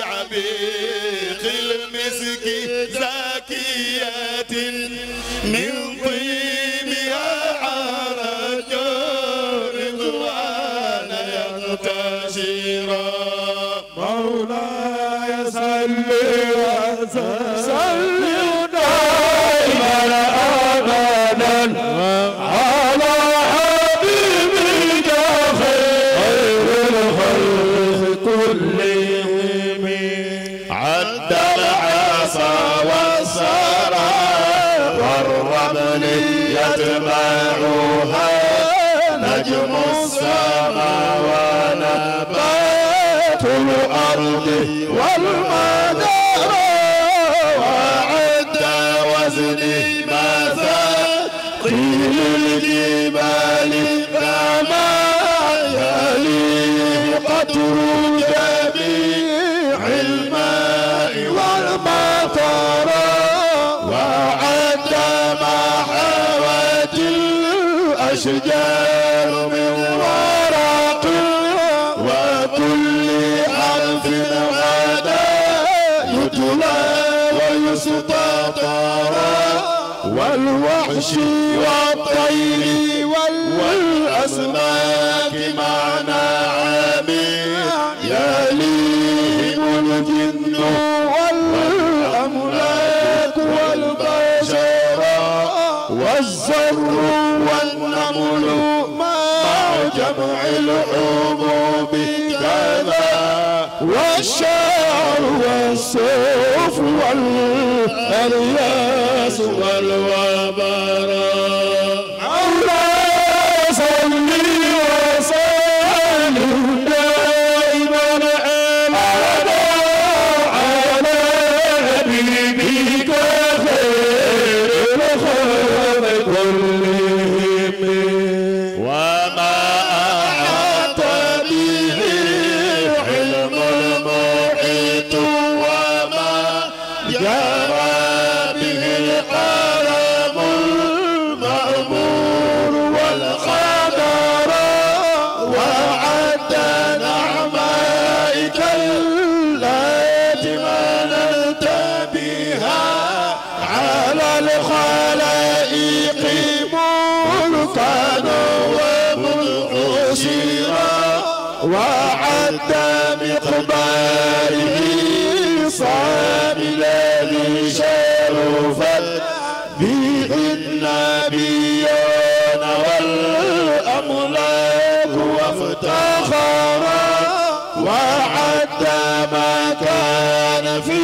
عبيق المسك زاكية من السماء ونبات الأرض والمدار وعد وزني ما قيل الجبال كما يلي قدر جميع الماء والمطر وعد ما حوت الأشجار والوحش والطير والأسماك معنا عامل يا ليهم الجن والأملاك والبشر والزر والنمل مع جمع الحبوب كذا والشعر والسيف والحب الياس والوبرات عد بقباله صام الذي شرفت به النبيون والأملاك وافتخر وعد ما كان في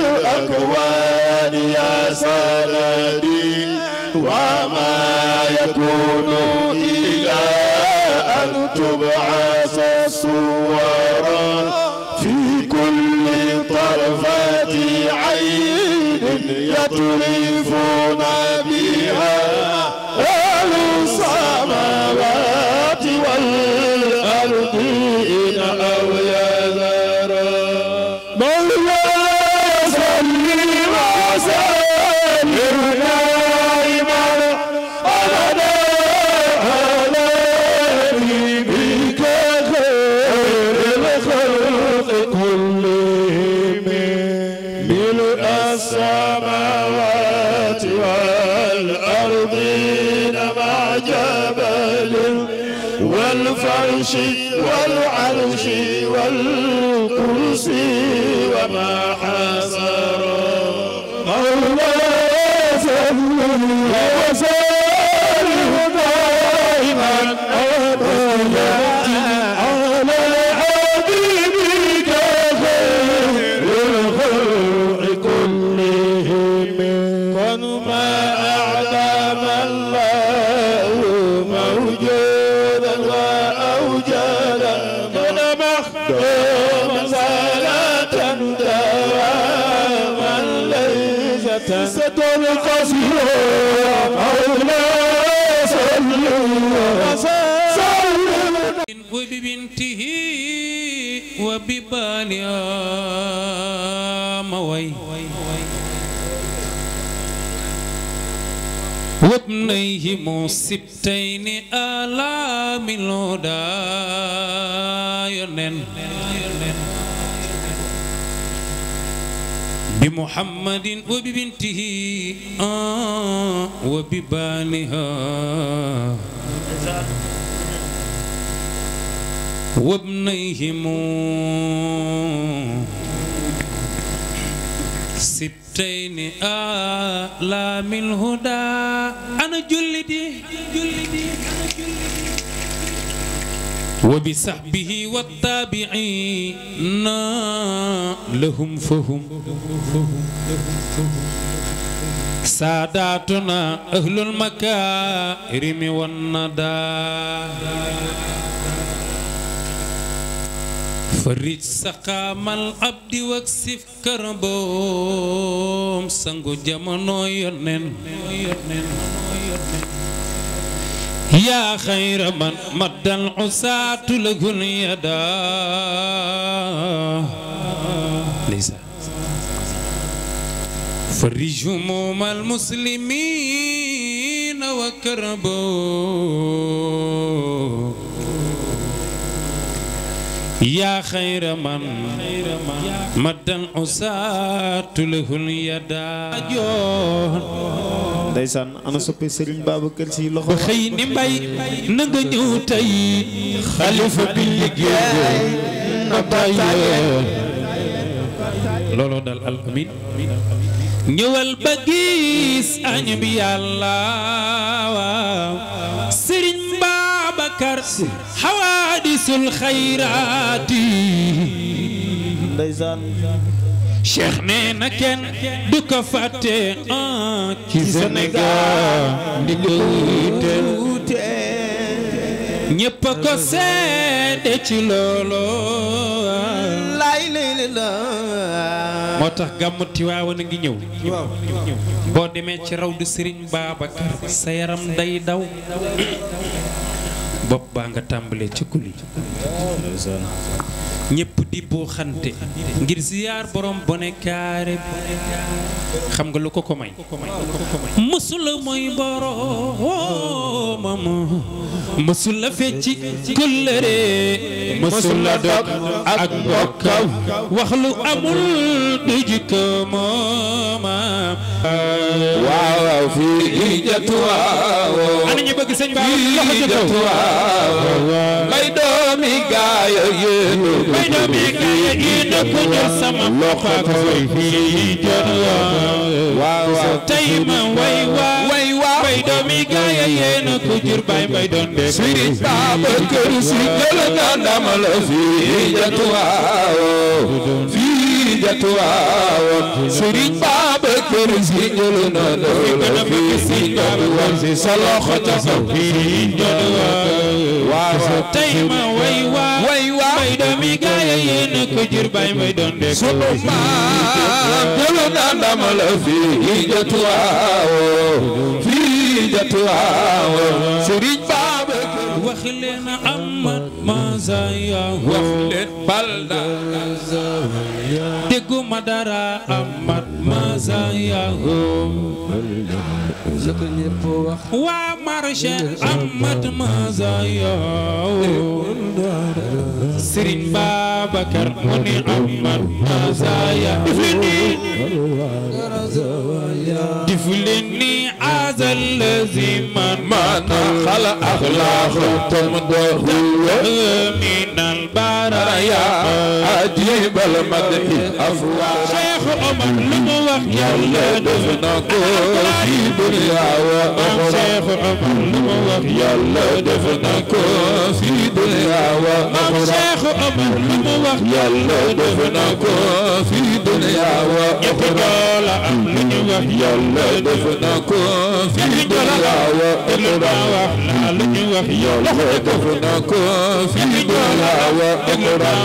الأكوان يا سندي وما يكون إلا أن تبعد منورا في كل طرفة عين يطرفون بها أهل السماوات والأرض was اليوم وي وابنيهم السبتين آلام الهدى ينن بمحمد وببنته آه وببانها وابنيهم ستين من هدى أنا جلدي وبصحبه والتابعين لهم فهم ساداتنا أهل المكارم والندى فرج سقام العبد واكسف كربوم سانغو جامونو يونن يا خير من مد العساة له اليدا ليس فرج هموم المسلمين وكربوم yaa xayra man maddan usaatu lahul yadaa joon ndeysaan ana soppe Serigne Babacar Sy loxo xëy ni mbay na nga ñëw tey xalifa bi liggéey na bàyyee looloo dal al amin ñëwal ba gis añ bi yàlla waaw Serigne Bakar xawaadisul kenn du ko fàtte ah ci Sénégal a ko seede ci moo tax gàmmu Tiwaawan a ngi ñëw boo demee ci raw du Sëriñ Babacar sa yaram day daw bopp baa nga tàmbalee ci kuli ñépp di boo xante ngir ziyaar borom bone kaare xam nga lu ko ko may mësula mooy boromam mësula fecci kullëre mësula dog ak bokkam wax lu amul du jikko moomam waaw waaw fii hijjatu ana ñu bëgg sëñ ba hijjatu waaw may doomi may doomi gaaya yéenu ku jël sama loxo fii hijjatu waaw waaw tey ma way waaw way doomi gaaya yéen a ko jur bay mbay doon de Sëriñ Babacar Si na la fii jatuwaawoon Tiwaawan Sëriñ Babacar wax leen Amad Mazaya wax leen Balda dégguma dara Amad Mazaya waa marché Ahmad Maza yow Serigne Babacar mu ni Ahmad Maza ya dif leen ni azal lazi man mana xala axlaax tom doxu min al baraya ajibal madhi afwaa ko Omar lu mu wax yàlla def na ko fi dunya wa axira Cheikh Omar lu mu wax yàlla def na ko fi dunya wa axira Cheikh Omar lu mu wax yàlla def na ko fi dunya wa axira ñetti doola am lu ñu wax yàlla def na ko fi daawa iqra lu ñu wax yàlla def na ko fi daawa iqra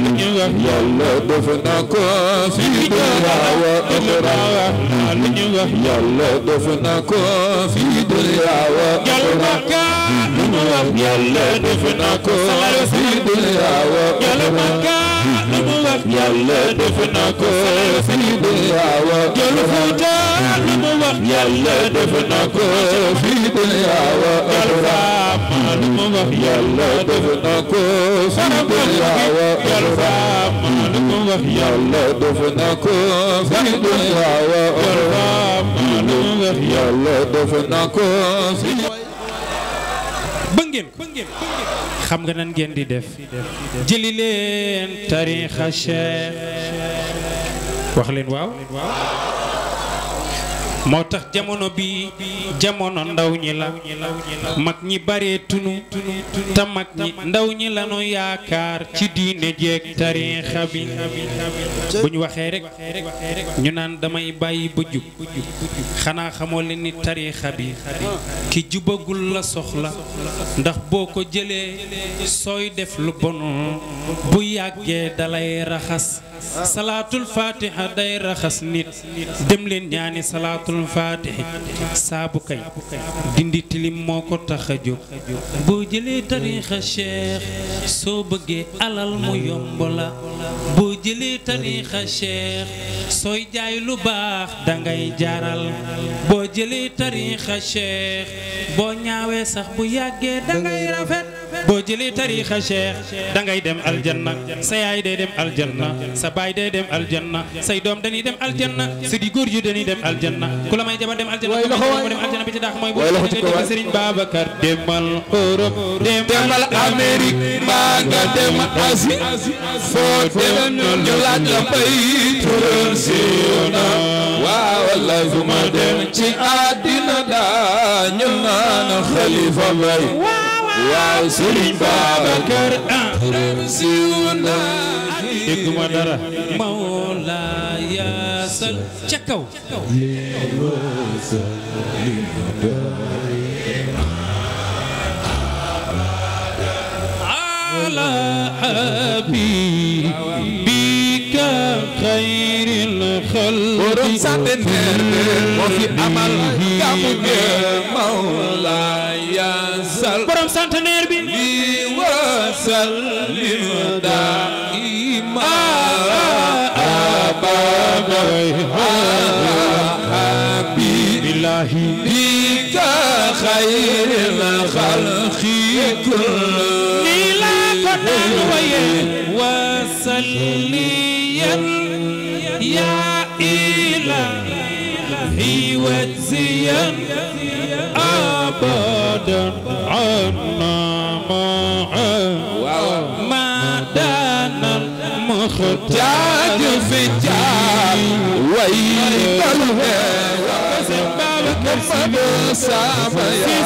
lu ñu wax yàlla def na ko fi daawa iqra lu ñu wax yàlla def na ko fi daawa iqra lu ñu wax yàlla def na ko fi daawa iqra yàlla def na ko fii bu yaawa jël Fuuta lu mu wax yàlla def na ko fii bu yaawa jël Faama lu mu wax yàlla def na ko fii bu yaawa jël Faama lu mu wax yàlla def na ko fii bu yaawa jël Faama lu mu wax yàlla def na ko fii ngeen xam nga nan ngeen di def jëli leen tariixa wax leen waaw moo tax jamono bi jamono ndaw ñi la mag ñi bare tunu te mag ñi ndaw ñi lanu yaakaar ci diine jeeg tariixa bi bu ñu waxee rek ñu naan damay bàyyi ba jub xanaa xamoo leen ni tariixa bi ki jubagul la soxla ndax boo ko jëlee sooy def lu bon bu yàggee dalay raxas salaatul faatiha day raxas nit dem leen ñaani salaatul faatihi saabu kay dindi tilim moo ko tax a jóg boo jëlee tariixa cheikh soo bëggee alal mu yomb la boo jëlee tariixa cheikh sooy jaay lu baax dangay jaral boo jëlee tariixa cheikh boo ñaawee sax bu yàggee dangay rafet boo jëlee tariixa a da ngay dem aljanna sa yaay day dem aljanna sa baay day dem aljanna say doom dañuy dem aljanna si di góor yu dañuy dem aljanna ku la may jabar dem aljanna ku may dem aljanna bi daax mooy bu nga dem Serigne Babacar maa nga dem Asie foo dem ñu laaj la bay tural siiw na waa wallaay fu ma dem ci àddina daa ñu naan xalifa bay waaw Serigne Babacar xërëm siw na dégguma dara mawla yaasal ca kaw ala habibika xayril xalqi borom santeneer moo fi amal gamu ge mawla sant leer bi li wa sallim daima abada billahi bika khayril khalqi kulli la qadan wa وسليا يا إلهي وجزيا أبدا وتاج في الجار ويل الهوى وسبابك سبابك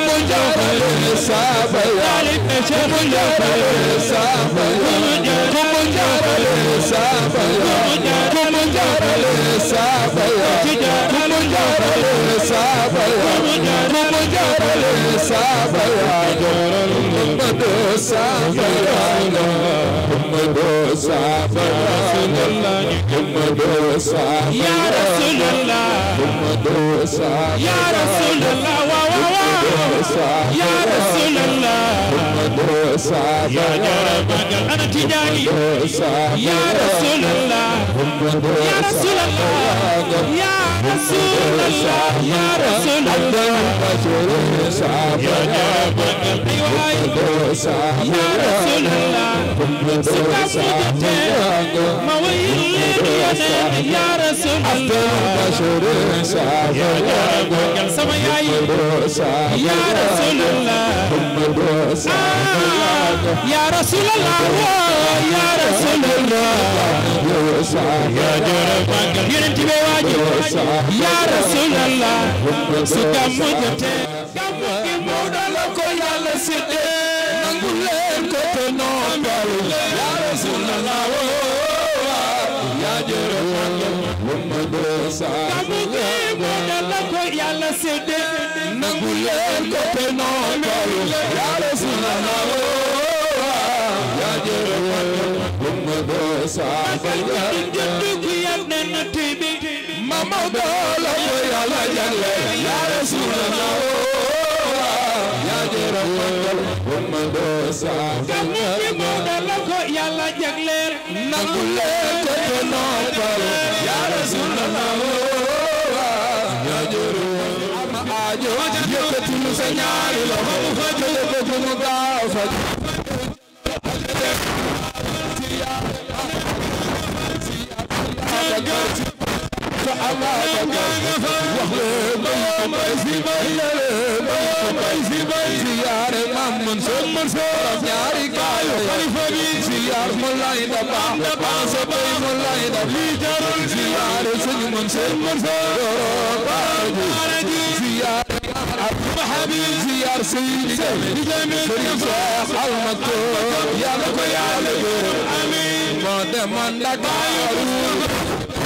يا رسول الله يا رسول الله يا رسول الله يا جربان أنا تجاني يا رسول الله يا رسول الله يا رسول الله يا رسول الله يا جاب قلبي وعيوس يا رسول الله سكتت مويل يا رسول الله يا جاب قلبي وعيوس يا رسول الله يا رسول الله يا رسول الله يا جاب قلبي وعيوس ya rasulallah su gàmmu jotee gàmmu gi moo dala ko yàlla séddee nangu leen ko te noppalu ya rasulallah oh, oh, oh. ya jërë gàmmu gi moo dala ko yàlla séddee nangu leen ko te noppalu ya rasulallah ya jërë gàmmu gi moo dala ko yàlla séddee Maodo la ko yàlla jagleel yaa rasulallah yaa jëra magal Maodo saa gàmmu bi Maodo la ko yàlla jagleel nagul leen ko noppal man la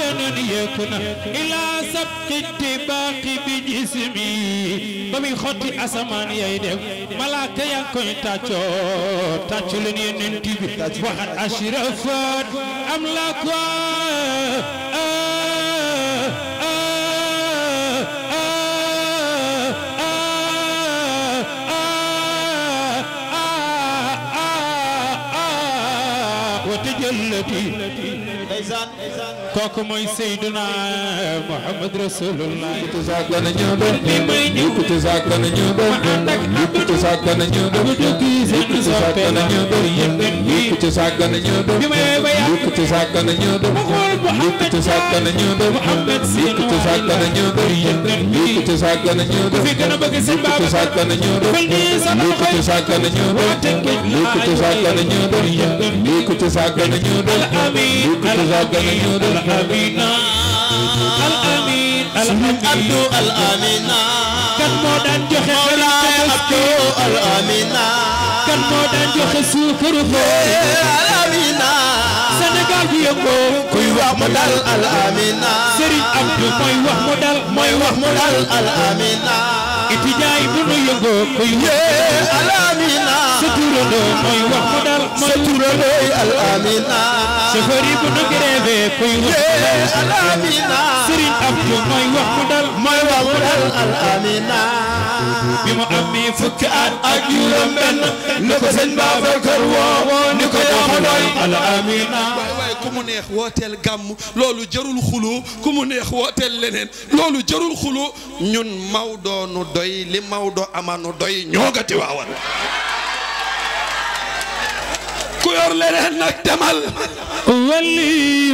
عين يكون إلى سبق اتباق بجسمي بمي خطي أسمان يدف ملاك يكون تاتشو تاتشو لني ننتبه وقد أشرفت أملاك وتجلتي kooku mooy Seydina Muhammad Rasulullah ku tusaak dana ñëw doon ñëw ku tusaak dana ñëw doon ñëw ku tusaak dana ñëw doon ñëw ku tusaak dana ñëw doon ñëw yëkk ci sàggan ñu dem bi ma yee ba yàgg yëkk ci sàggan ñu dem ma xool Mouhamed yëkk ci sàggan ñu dem Mouhamed si yëkk ci sàggan ñu dem yëkk ci sàggan ñu dem ku fi gën a bëgg seen baaba yëkk ci sàggan ñu dem yëkk ci sàggan ñu dem yëkk ci sàggan ñu dem yëkk ci sàggan ñu dem yëkk ci sàggan ñu dem al-amina al-amin al-abdu al-amina kan moo daan joxe al-amina kan moo gi yëngoo kuy wax mu dal alamina Serigne Abdou mooy wax mu wax mu dal alamina itijaay bu nu yëngoo koy yee alamina sa turandoo mooy wax mu dal mooy turandoo alamina chauffeur yi bu nu grève koy yee alamina sëriñ Abdu mooy wax mu dal mooy mu dal alamina bi mu amee fukki at ak juróom benn lu ko sëñ Babacar woo ni ko yaa ma doy alamina ku mu neex wooteel gàmm loolu jarul xuloo ku mu neex wooteel leneen loolu jarul xuloo ñun Maodo nu doy li Maodo ama nu doy ñoogati waawan ku yor leneen nag demal wali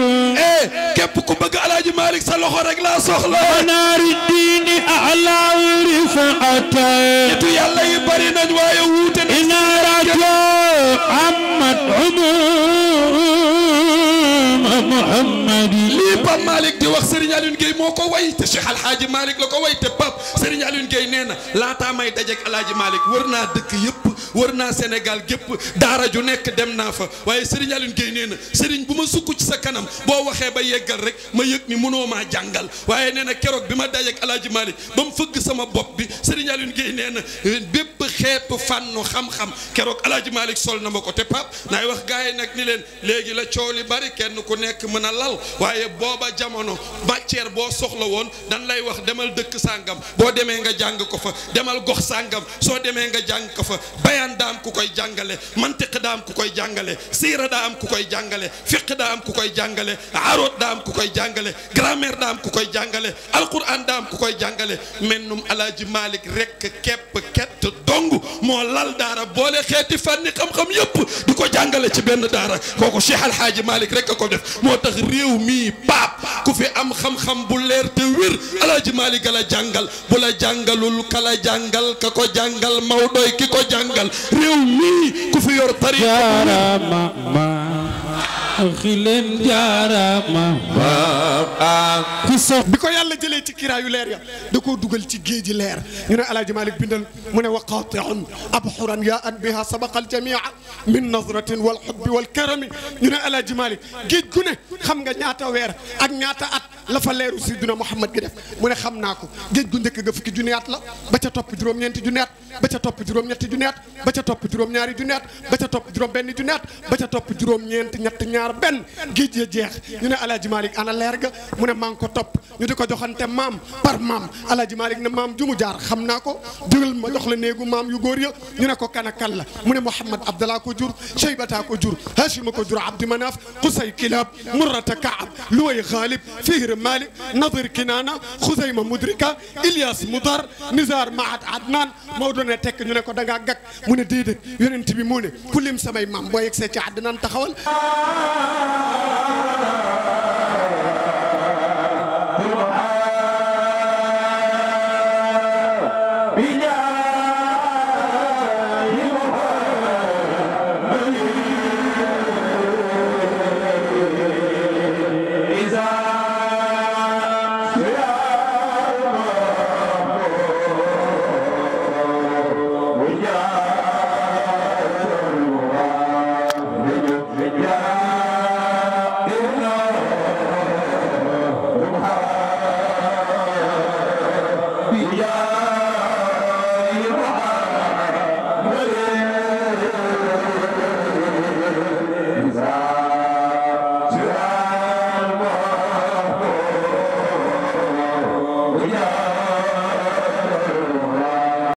eh képp ku bëgg alaaji Malick sa loxo rek laa soxla naari diini alaa rifaata nitu yàlla yi bari nañ waaye wuute na inaarato amat umur Muhammad lii Pape Malick di wax Serigne Alioune Gueye moo ko way te Cheikh Alhaaji Malick la ko way te Pape Serigne Alioune Gueye nee laataa may dajeek Alhaaji Malick wër naa dëkk yëpp wër naa Sénégal gépp daara ju nekk dem naa fa waaye Serigne Alioune Gueye na Serigne bu ma sukk ci sa kanam boo waxee ba yeggal rek ma yëg ni mënoo maa jàngal waaye nee na keroog bi ma dajeek Alhaaji Malick ba mu fëgg sama bopp bi Serigne Alioune Gueye nee na bépp xeetu fànnu xam-xam keroog Alhaaji malik sol na ma ko te Pape naay wax gars yi nag ni leen léegi la coow li bari kenn ku nekk mën a lal waaye booba jamono matière boo soxla woon dañ lay wax demal dëkk sàngam boo demee nga jàng ko fa demal gox sàngam soo demee nga jàng ko fa bayaan daa am ku koy jàngale mantiq daa am ku koy jàngale siira daa am ku koy jàngale fiq daa am ku koy jàngale aroot daa am ku koy jàngale grammaire daa ku koy jàngale alquran daa am ku koy jàngale mennum alaaji Malick rek kepp kett dong moo lal daara boole xeeti fànni xam-xam yëpp di ko jàngale ci benn daara kooku Cheikh Alhaaji Malick rekk ko def moo tax réew mii paap ku fi am xam xam-xam bu leer te wér alaaji maalik a la jàngal bu la jàngalul ka ko jàngal mawdoy ki ko jàngal ku fi yor tariqa jaarama ma xileen jaarama bi ko yàlla jëlee ci kiraayu leer ya da koo dugal ci géeji leer ñu ne alaaji maalik bindal mu ne wa qaatiun abxuran yaa an biha sabaqa aljamia min nazratin wal xubbi weer ak ñaata at la fa leeru sidina Muhammad gi def mu ne xam naa ko géej gu njëkk ga fukki junni la ba ca topp juróom-ñeenti junni ba ca topp juróom-ñetti junni ba ca topp juróom-ñaari junni ba ca topp juróom-benn junni ba ca topp juróom-ñeent ñett ñaar benn géej ya jeex ñu ne Alaaji Malik ana leer ga mu ne maa ngi ko topp ñu di ko joxante maam par maam Alaaji Malik ne maam ju mu jaar xam naa ko jugal ma jox la néegu maam yu góor ya ñu ne ko kana kan la mu ne Muhammad Abdallah ko jur Cheybata ko jur Hashima ko jur Abdi Manaf Qusay Kilab Murrata Kaab Luway Xaalib Fihrim مالك نظر كنانة خزيمة مدركة إلياس مضر نزار معد عدنان Maodo ne tekk ñu ne ko da ngaa gàkk mu ne déedéet yonent bi moo ne ku lim samay maam boo yegsee ci àddinaan taxawal Bilal